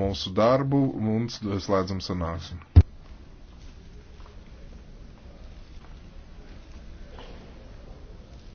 mūsu darbu un slēdzam sanāksmi.